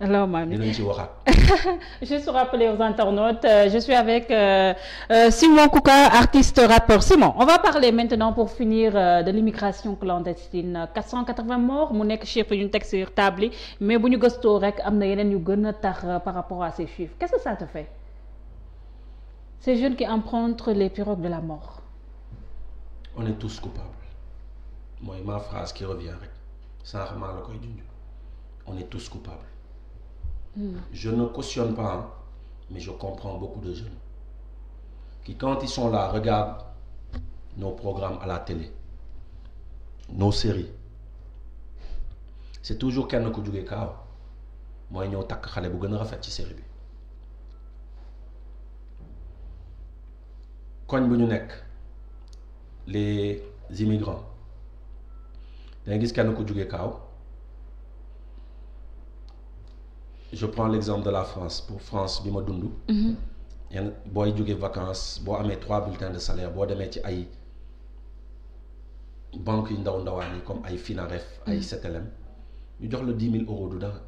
alors Mamy dinañ ci waxaat. juste rappeler aux internautes euh, je suis avec euh, euh, Simon Kouka artiste rappeur Simon on va parler maintenant pour finir euh, de l'immigration clandestine 480 morts mu nekk chiffre yu ñu teg mais bu ñu gëstoo rek am na yeneen yu gën a tax euh, par rapport à ces chiffres qu'est-ce que ça te fait ces jeunes qui empruntent les pirogues de la mort. on est tous coupables mooy ma phrase qui revient rek la koy junj on Mm. Je ne cautionne pas, hein, mais je comprends beaucoup de jeunes qui, quand ils sont là, regardent nos à la télé, nos séries. C'est toujours kenn ku jógee kaaw mooy ñëw takk xale bu gën a rafet ci série bi koñ bu ñu nekk les immigrants dangay gis kenn ku jógee kaaw je prends l'exemple de la France pour France bi ma dund. Mhm. yenn booy jógee vacances boo amee trois bulletins de salaire boo demee ci ay banque yu ndaw ndawaan yi comme ay Finaref ay Cetelem mhm. ñu jox la dix mille euros du dara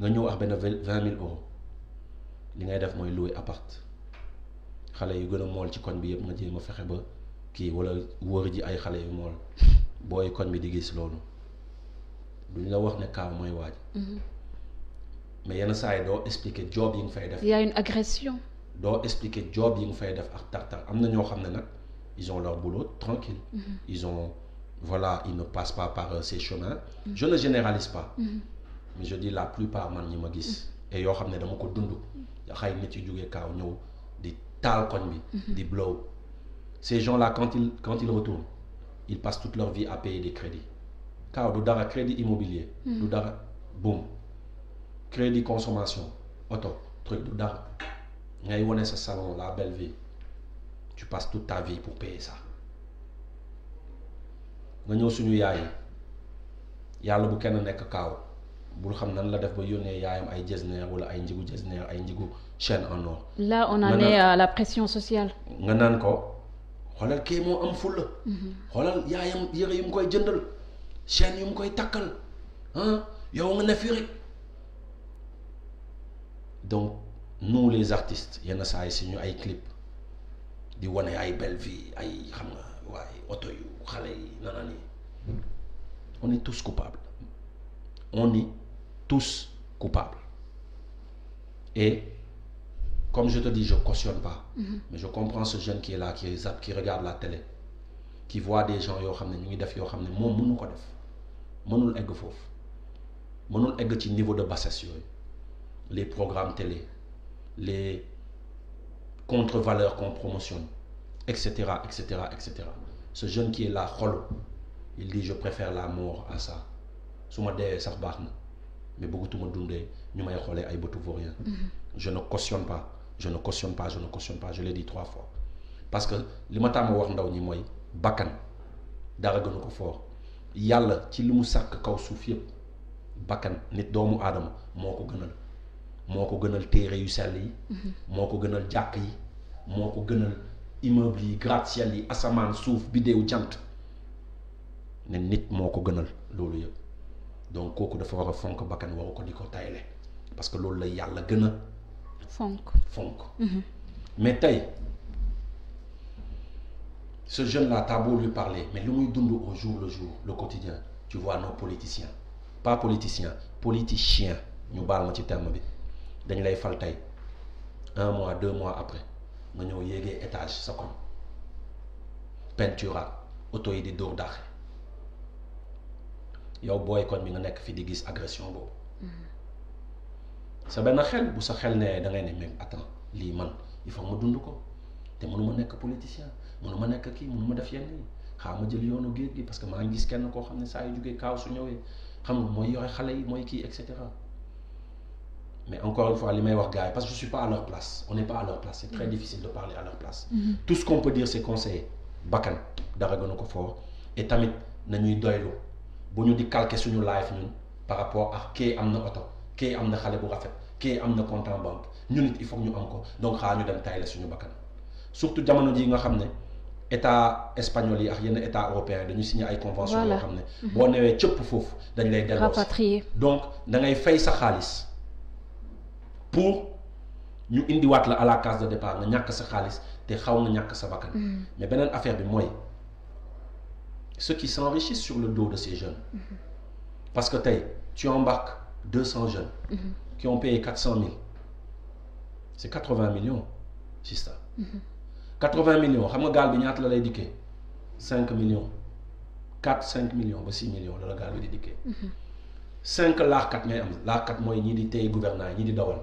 nga ñëw ak benn vingt mille euros li ngay def mooy louer appart xale yu gën a mool ci koñ bi yëpp nga jéem a fexe ba kii wala wóor ji ay xale yu mool booy koñ bi di gis loolu duñ la wax ne kaaw mooy waaj. Mhm. mais yenn saa yi doo expliquer job yi nga fay def. y a une agression. doo expliquer job yi nga fay def ak tartar am na ñoo xam ne nag ils ont leur boulot tranquille mhm. ils ont voilà ils ne passent pas par euh, ces chemins. Mhm. je ne généralise pas. Mhm. mais je dis la plupart man ñi ma gis. et yoo xam ne dama ko dund. xay nit yu jógee kaaw ñëw di taal koñ bi. di blow ces gens là quand ils quand ils retournent ils passent toute leur vie à payer des crédits kaaw du dara crédit immobilier. crédit consommation oto truc du dara ngay wane sa salon la belle vie tu passes toute pour payer ça nga ñëw suñu yaay yi yàlla bu kenn nekk kaaw bul xam nan la def ba yónnee yaayam ay jesner wala ay njigu jesner ay njigu chaîne en or. là on en est à la pression sociale. nga naan ko xoolal kii moo am fulla mhm. xoolal yaayam yëre yu mu koy jëndal chaîne yu mu koy takkal ah, yow nga ne fii donc nous les artistes yenn saa yi suñu ay clip di wane ay belle vie ay xam nga waaye oto yu xale yi nana ni on est tous coupables on est tous coupables e comme je te dis je cautionne pas mm -hmm. mais je comprends ce jeune qui est là qui regarde la télé qui voit des gens yoo xam ne ñu ngi def yoo xam ne moom mënu ko def mënul egg foofu mënul egg ci niveau de bassesse yooyu les programmes télé, les contre-valeurs qu'on promotionne, etc., etc., etc. Ce jeune qui est là, il dit, je préfère la mort à ça. Si je ça mais beaucoup de monde nous Je ne cautionne pas, je ne cautionne pas, je ne cautionne pas, je l'ai dit trois fois. Parce que li ma tàmm wax ndaw ñi mooy bakkan dara gënu ko foor yàlla ci li mu sàkk kaw suuf yépp bakkan nit doomu aadama moo ko gënal moo ko gënal téere yu sell yi mhm. moo ko gënal jàkk yi moo ko gënal immeuble yi gratte-ciel yi asamaan suuf biddéew jant ne nit moo ko gënal loolu yëpp donc kooku dafa war a fonk bakkan waru ko di ko tayle parce que loolu lay yàlla gën a fonk fonk mhm. mais tey ce jeune là t'as beau lui mais lu muy dund au jour le jour le quotidien tu vois nos politiciens pas politiciens politiciens ñu baal ma ci terme bi dañ lay fal tey un mois deux mois après nga ñëw yéegee étage sa koñ peinture auto yi di dóor daax yow booy kon bi nga nekk fi di gis agression boobu sa benn xel bu sa xel nee da ngay ne même attends lii man il faut ma dund ko te mënuma nekk politicien mënuma nekk kii mënuma def yenn yi xaa ma jël yoonu géej gi parce maa ngi gis kenn koo xam ne saa yu jógee kaaw su ñëwee xam nga mooy yore xale yi mooy kii et cetera mais encore une fois li may wax gars yi parce que je suis pas à leur place on n'est pas à leur place c'est très mm-hmm. difficile de parler à leur place mm-hmm. tout ce conseiller bakkan dara gënu ko fort et tamit ñuy doylu bu ñu di calquer suñu life ñun par rapport ak kii am na oto kii am na xale bu rafet kii am na compte en banque ñun it il faut ñu am ko donc xaa ñu dem tayle suñu bakkan surtout jamono ji nga xam ne état espagnol yi ak yenn état européen dañu signé ay convention yoo xam ne mm-hmm. boo newee cëpp foofu dañ lay delloo donc da ngay fay sa xaalis pour ñu indiwaat la à la case de départ nga ñàkk sa xaalis te xaw nga ñàkk sa bakkan mm. mais beneen affaire bi mooy ceux qui s'enrichissent sur le dos de ces jeunes mm-hmm. parce que tey tu embarques deux cent jeunes mm-hmm. qui ont payé quatre cent mille c'est quatre-vingts millions c'est ça quatre xam nga gaal bi ñaata la lay dikkee cinq millions quatre cinq millions ba six millions la la gaal bi di cinq laaxkat ngay am laaxkat mooy ñi di tey gouvernant ñi di dawal.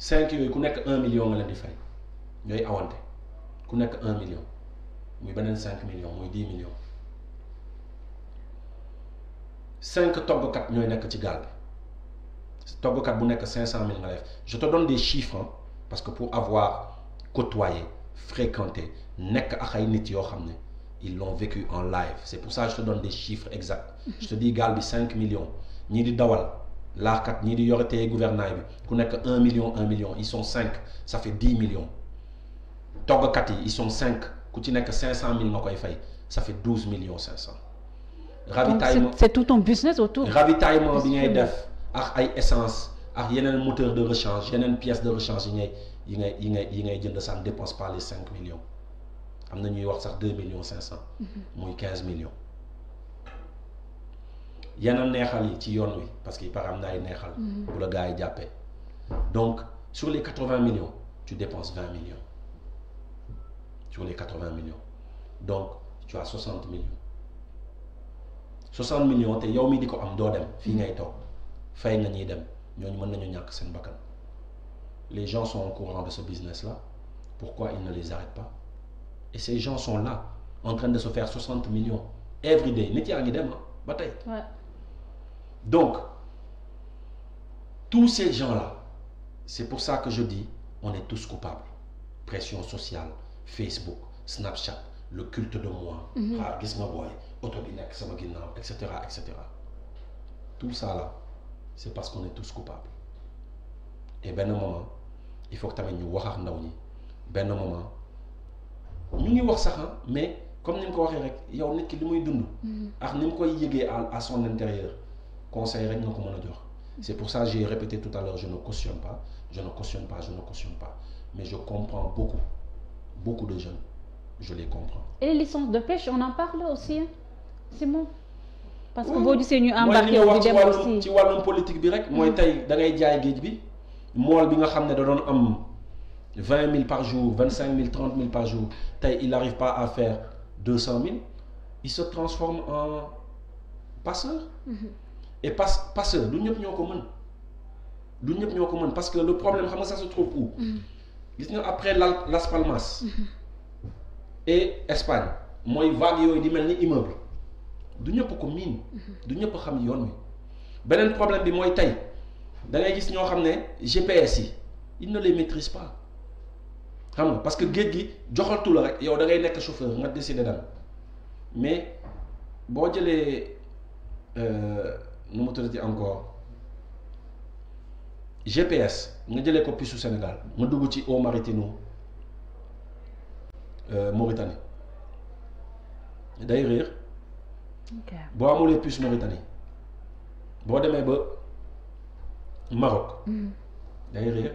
cinq yooyu ku nekk un million nga leen di fay ñooy awante ku nekk un million muy beneen cinq million muy dix million cinq toggkat ñooy nekk ci gaal bi toggkat bu nekk cinq cent mille nga def je te donne des parce que pour avoir côtoyé fréquenté nekk ak ay nit yoo xam ne. ils l'ont vécu en live c'est pour ça que donne des chiffres exacts je te dis gaal bi 5 millions ñii di dawal laaxkat ñii di yore téye gouvernail bi ku nekk un million 1 million ils sont cinq ça fait 10 millions toggkat yi ils sont cinq ku ci nekk cinq cent mille nga koy fay ça fait 12 millions 500. ravitaillement c'est tout un business autour. ravitaillement bi ngay def ak ay essence ak yeneen moteur de rechange yeneen pièces de rechange yi ngay yi ngay yi ngay jënd ça ne dépense pas les am na ñuy wax sax deux millions cinq cent mm-hmm. muy quinze millions yana neexal yi ci yoon wi parce que par am na neexal mm-hmm. bu la gars yi jàppee donc sur les quatre-vingts millions tu dépenses vingt millions sur les quatre-vingts donc tu as soixante millions soixante millions te yow mi di ko am doo dem fii ngay toog fay na ñuy dem ñooñu mën nañu ñàkk seen bakkan les gens sont au courant de ce business là pourquoi ils ne les arrêtent pas et ces gens sont là en train de se faire 60 millions every day nit yaa ngi dem ah, ba tey. donc tous ces gens là c'est pour ça que je dis on est tous coupables pression sociale Facebook Snapchat le culte de moi. Mhm. ah gis nga booy oto bi nekk sama ginnaaw et cetera et cetera tout ça là c'est parce qu'on est tous coupables et benn moment il faut que tamit ñu wax ak ndaw ñi benn moment. ñu ngi wax sax mais comme ni mu ko waxee rek yow nit ki li muy dund. Mm-hmm. ak ni mu koy yëgee à à son intérieur conseil rek nga ko mën a jox. c'est pour ça j'ai répété tout à l'heure je ne cautionne pas je ne cautionne pas je ne cautionne pas mais je comprends beaucoup beaucoup de jeunes je les comprends. et les licences de pêche on en parle aussi Simon. parce que boo gisee ñu embarqué wu di dem aussi ci wàllum politique bi rek. mooy mm-hmm. tey da ngay jaay géej bi mool bi nga xam ne da doon am. vingt mille par jour vingt cinq mille trente mille par jour tey il n'arrive pas à faire deu cent mille il se transforme en passeur mm -hmm. et passe passeur du ñëpp ñoo ko mën du ñëpp ñoo ko mën parce que le problème xam nga ça se trouve où mm-hmm. gis nga après Las Palmas mm-hmm. et Espagne mooy vague yooyu di mel ni immeuble du ñëpp ko miin mm-hmm. du ñëpp xam yoon wi beneen problème bi mooy tey da gis ñoo xam ne GPS yi il ne les maîtrise pas xam nga parce que géej gi joxatu la rek yow da ngay nekk chauffeur nga décider dal mais boo jëlee euh, nu mu tuddati encore GPS nga jëlee ko pisu Sénégal nga dugg ci eaux maritimes euh, Mauritanie day réer. boo amulee puce Mauritanie boo demee ba Maroc. Mm. day réer.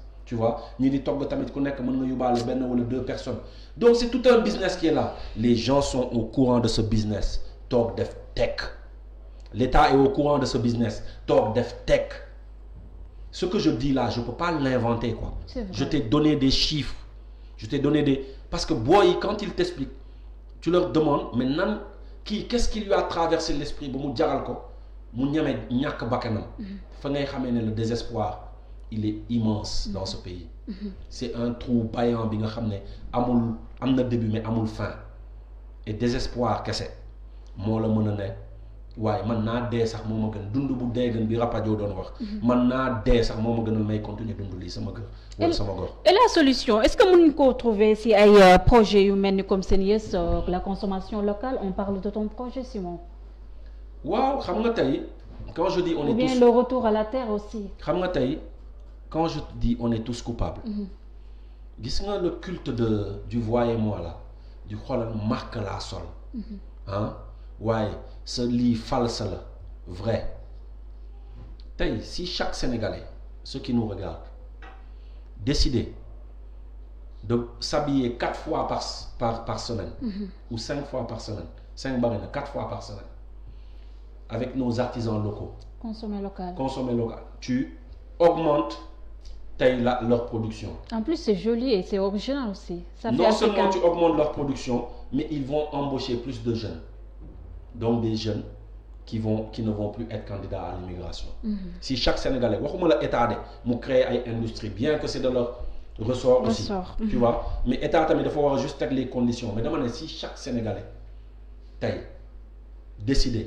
tu vois ñi di togg tamit ku nekk mën nga yóbbaale benn wala deux personnes donc c'est tout un business qui est là les gens sont au courant de ce business toog def tech l'État est au courant de ce business toog def tech ce que je dis là je peux pas l'inventer quoi je t'ai donné des chiffres je t'ai donné des parce que boy yi quand ils t'expliquent tu leur demandes mais nan kii qu'est-ce qui lui a traversé l'esprit ba mu jaral ko mu ñeme ñàkk bakkanam mm-hmm. fa ngay xamee ne le il est immense dans ce pays c'est un trou paillant bi nga xam ne amul am na début mais amul fin et désespoir kese moo la mën a ne waaye man naa dee sax moo ma gën dund bu dee bi rapajoo doon wax mhm. man naa dee sax moo ma gën gënal may continuer dund lii sama kër wala sama gox et la solution est-ce que ko koo trouver si ay euh, projet yu mel ni comme seen yës euh, la consommation locale on parle de ton projet Simon waaw xam nga tey quand je dis on est tous bien le retour quand je te dis on est tous coupables mhm. gis nga le culte de du moi la du xoolal marque laa sol ah waaye sa lii falsa la vrai tey si chaque Sénégalais ceux qui nous regardent décider de s'habiller quatre fois par par semaine mhm. ou cinq fois par semaine cinq bari quatre fois par semaine avec nos artisans locaux consommer local tu augmentes tey la leur production. en plus c'est joli et c'est original aussi. non seulement tu augmentes leur production mais ils vont embaucher plus de jeunes donc des jeunes qui ne vont plus être candidats à l'immigration. Mm -hmm. si chaque Sénégalais waxuma la état de mu créer ay industrie bien que c'est de leur ressort aussi ressort. tu mm -hmm. mais état tamit dafa war a juste teg les conditions mais dama si chaque Sénégalais tey décider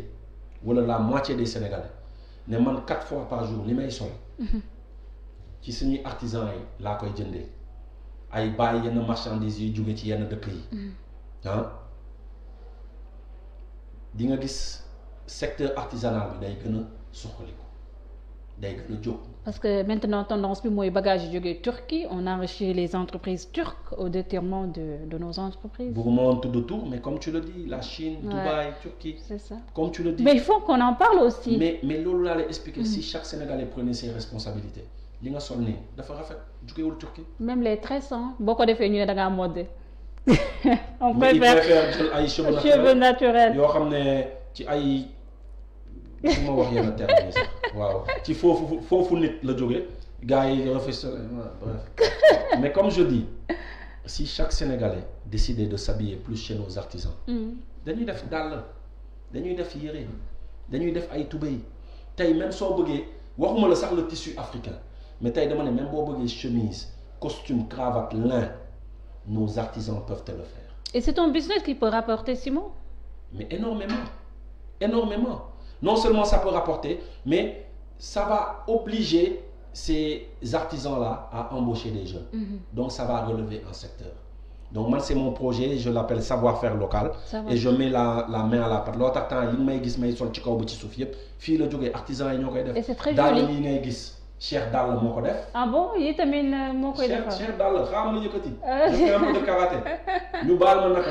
wala la moitié des Sénégalais ne man ci suñuy artisans yi laa koy jëndee ay bàyyi yenn marchandises yuy jóge ci yenn dëkk yi mm-hmm. ah nga gis secteur artisanal bi day gën a suqaliku day gën a jóg. parce que maintenant tendance bi mooy bagage yu jógee Turquie on enrichit les entreprises turques au détriment de de nos entreprises. bëgguma woon tudd tout mais comme tu le dis la Chine. Ouais. Dubaï Turquie. c'est ça comme tu le dis. mais il faut qu'on en parle aussi. mais mais loolu laa lay expliquer mm-hmm. si chaque Sénégalais prenait ses responsabilités. li nga sol nii dafa rafet jugewul Turquie. même les tresses boo ko defee ñu ne da ngaa modde. on préfère jël ay cheveux naturels yoo xam ne ci ay. su ma wax yenn termes yi waaw ci foofu foofu nit la jóge gars yi rafet bref mais comme jeu dis si chaque Sénégalais décidait de s'habiller plus chez nos artisans. Mm. dañuy def dàll dañuy def yére dañuy def ay tubéy tey même soo bëggee waxuma la sax le tissu africain. mais tey dama ne même boo bëggee chemise costume cravate lin nos artisans peuvent te le faire. et c'est ton business qui peut rapporter Simon. mais énormément énormément non seulement sa peut rapporter mais sa va obliger ces artisans la à embaucher des jeunes. Mm -hmm. donc ça va relever un secteur. donc man c'est mon projet je l'appelle savoir-faire local. et je mets la la main à la pâte loo tax temps yi may gis may sol ci kaw ba ci suuf yëpp fii la jógee artisans yi koy def. et c'est très gis. Cheikh Dalla moo ko ah bon yi tamit euh, moo koy defar Cheikh Cheikh Dalla xaaral ma yëkkati. def un peu de ba ñu baal ma naka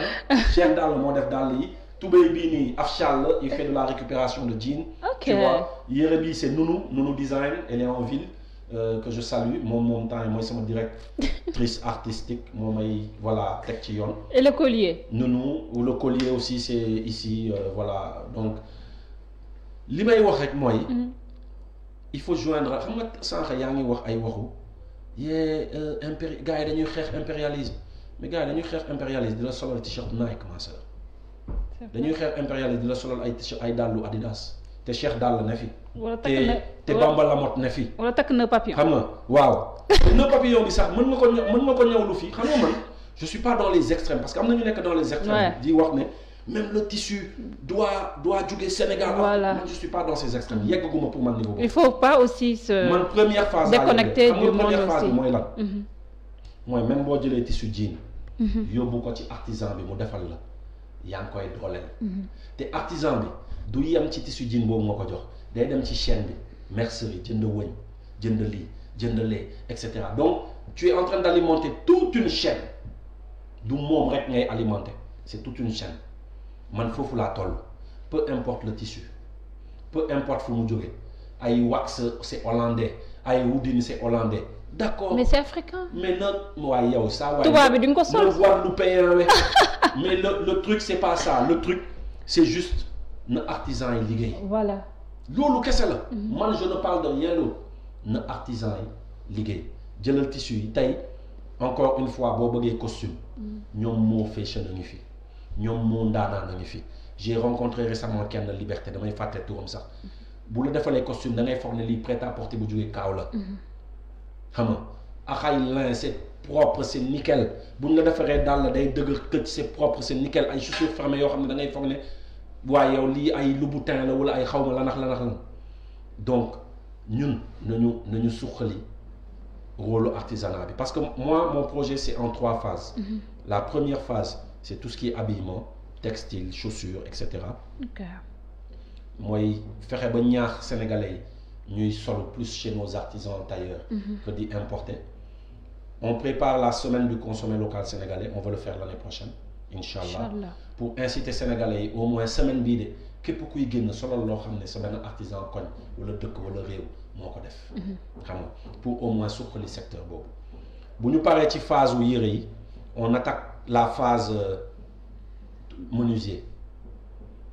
Cheikh Dalla moo def dàll yi tubéy bi nii afchal la il de la récupération de jean. ok tu vois yére bii c' est Nounou Nounou design elle est en ville. Euh, je salue moom moom temps mooy sama directrice artistique moom may voilà teg ci yoon. et le collier. Nounou le collier aussi c' est ici euh, voilà donc li may wax rek mooy. Mm-hmm. il faut joindre xam nga sànq yaa ngi wax ay waxu yee euh, impéri gars yi dañuy xeex impérialisme mais gars yi dañuy xeex impérialisme di la solal t-shirt Nike ma sœur dañuy xeex impérialisme di la solal ay t-shirt ay dàllu Adidas te Cheikh Dall na fi. wala te te Bamba Lamotte na fi. wala takk na papillon xam nga waaw. na papillon bi sax mën nga ko mën nga ko ñëwlu fii xam nga man je suis pas dans les extrêmes parce que am na ñu nekk dans les extrêmes di wax ne. même la tissu doo doit jóge Sénégal. Ah, voilà man je suis pas dans ces extrêmes yeggaguma pour man niveau boobu. il faut pas aussi se. man première phase. déconnecter du mooy lan. Mhm. mooy même boo jëlee tissu jean. Mhm. yóbbu ko ci artisan bi mu defal yaa ngi koy dooleel. Mhm. te du yem ci tissu jean boobu nga ko jox day dem ci chaîne bi mercerie jënd jënd lii jënd et cetera donc tu es en train d' du moom rek ngay alimenter c' est une chaîne. man foofu laa toll peu importe le tissu peu importe fu mu jóge ay wax c'est hollandais ay wudin c'est hollandais d'accord mais c'est africain mais nag waaye yow saa waaye tubaab bi di nga ko sol voir lu paysan we mais le le truc c'est pas ça le truc c'est juste na artisan yi liggéey voilà loolu kese la mhm. man je ne parle de na artisan yi liggéey jëlal tissu yi tey encore une fois boo bëggee costume mhm. ñoom moo fashion a ngi fi ñoom mu ndaanaan nañu fi j'ai rencontré récemment kenn liberté damay fàtte turam sax bu la defalee costume da ngay foog ne lii prêt à bu jógee kaaw la mm-hmm. xam nga axay lin c'est propre c'est nickel buñ la defaree daal la day dëgër këcc c'est propre c'est nickel ay chaussures fermées yoo xam ne da ngay foog ne waaye yow lii ay Louboutin la wala ay xawma lanax lanax la donc ñun nañu nañu suqali rôle artisanat bi parce que moi mon projet c'est en trois phases mm-hmm. la première phase c'est tout ce qui est habillement textile chaussures et cetera. mooy fexe ba ñaax sénégalais yi ñuy solo plus chez nos artisans tailleurs. Mhm. que di importer. on prépare la semaine du consommé local sénégalais on va le faire l'année prochaine. incha pour inciter sénégalais yi au moins semaine bii de képp kuy génn solal loo xam ne sa benn artisan koñ wala dëkk wala réew moo ko def. Mhm. xam nga pour au moins suqali secteur boobu. bu ñu paree ci phase wu yére y la phase euh, menuisier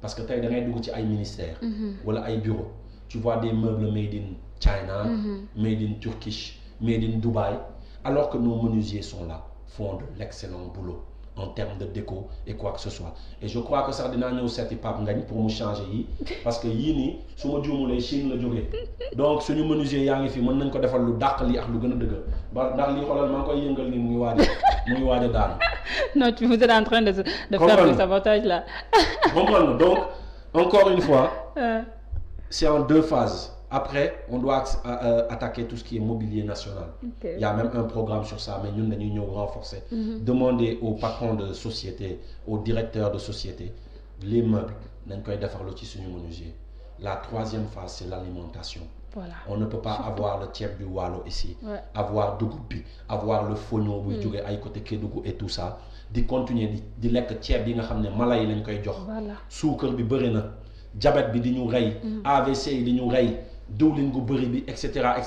parce que tey da ngay dugg ci ay ministères. Mhm. wala ay bureaux tu vois des meubles made in China. Mhm. made in Turkish made in Dubaï alors que nos menuisiers sont la font de l'excellent boulot. en terme de déco et quoi que ce soit et je crois que sax dinaa ñëw seeti Pape Ngagne pour mu changer yii parce que yii nii su ma juumulee Chine la jógee donc suñu menuisier yaa ngi fii mën nañ ko defal lu dàq lii ak lu gën a dëgg ba ndax lii xoolal maa koy yëngal nii muy waaj a muy waaj a daanu. non tu vous êtes en train de de faire du sabotage là. comprendre donc encore une fois. Euh. c'est en deux phases. Après, on doit euh, euh, attaquer tout ce qui est mobilier national. Okay. Il même un programme sur ça, mais nous, nous, nous renforcer. Mm -hmm. Demander aux patrons de société, aux directeurs de société, les meubles, nous faire le tissu menuisier. La troisième phase, c'est l'alimentation. Voilà. On ne peut pas Surtout. avoir le tiep du Wallo ici, ouais. avoir Dougoupi, avoir le Fono, mm. côté Kédougou et tout ça. De continuer, de lekk tiep, de ramener Malay, de Voilà. Soukar, de Berena, diabète, de nous rey, mm. AVC, de nous rey. diwlin gu bëri bi et cetera et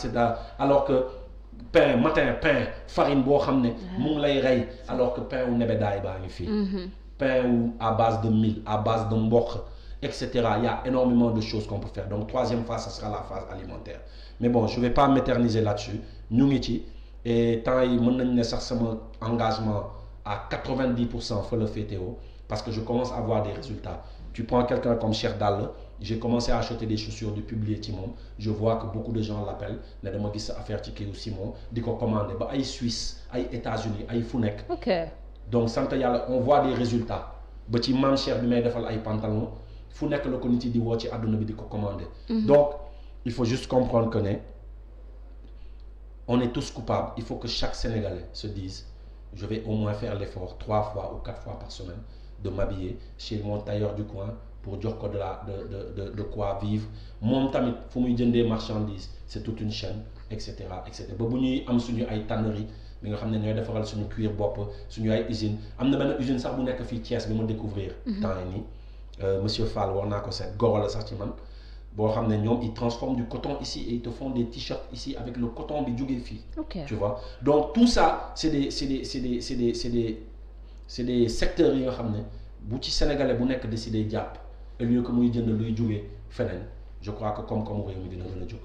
alors que pain matin pain farine boo xam ne. mu ngi lay rey alors que pain wu nebedaay baa ngi fii. Mm-hmm. pain wu à base de mil à base de mboq et cetera il y a énormément de choses qu'on peut faire donc troisième fas ça sera la phase alimentaire mais bon je vais pas m'éterniser là-dessus ñu ngi ci et temps yi mën nañ ne sax sama engagement à quatre-vingt-dix pour cent fa la féetewoo parce que je commence a voir des résultats. tu prends quelqu'un comme Cheikh Dall j'ai commencé à acheter des chaussures di publier ci moom je vois que beaucoup de gens l'appellent ne dama gis sa affaire ci kii Simon di ko commander ba ay Suisse ay États-Unis ay fu nekk. ok donc sant yàlla on voit des résultats ba ci maam Cheikh bi may defal ay pantalon fu nekk la ko nit yi di woo ci adduna bi di ko commander. Mhm. donc il faut juste comprendre que ne on est tous coupables il faut que chaque Sénégalais se dise je vais au moins faire l'effort trois de m'habiller chez mon tailleur du coin pour jox ko de la de de de de quoi vivre moom tamit fu muy jëndee marchandise c'est toute une chaîne et cetera et ba bu ñuy am suñu ay tannerie mi nga xam ne ñooy defaral suñu cuir bopp suñu ay usine am na benn usine sax bu nekk fii Thiès bi ma découvrir mhm. temps yi nii euh, monsieur Fall war naa ko seet goro la sax ci man boo xam ne ñoom ils transforment du coton ici et ils te font des t-shirts ici avec le coton bi jógee fii tu vois donc tout ça c'est des secteurs yi nga xam ne bu ci sénégalais bu nekk décidé jàpp au lieu que muy jënd luy jugee feneen je crois que comme comme réew mi dina gën a jóg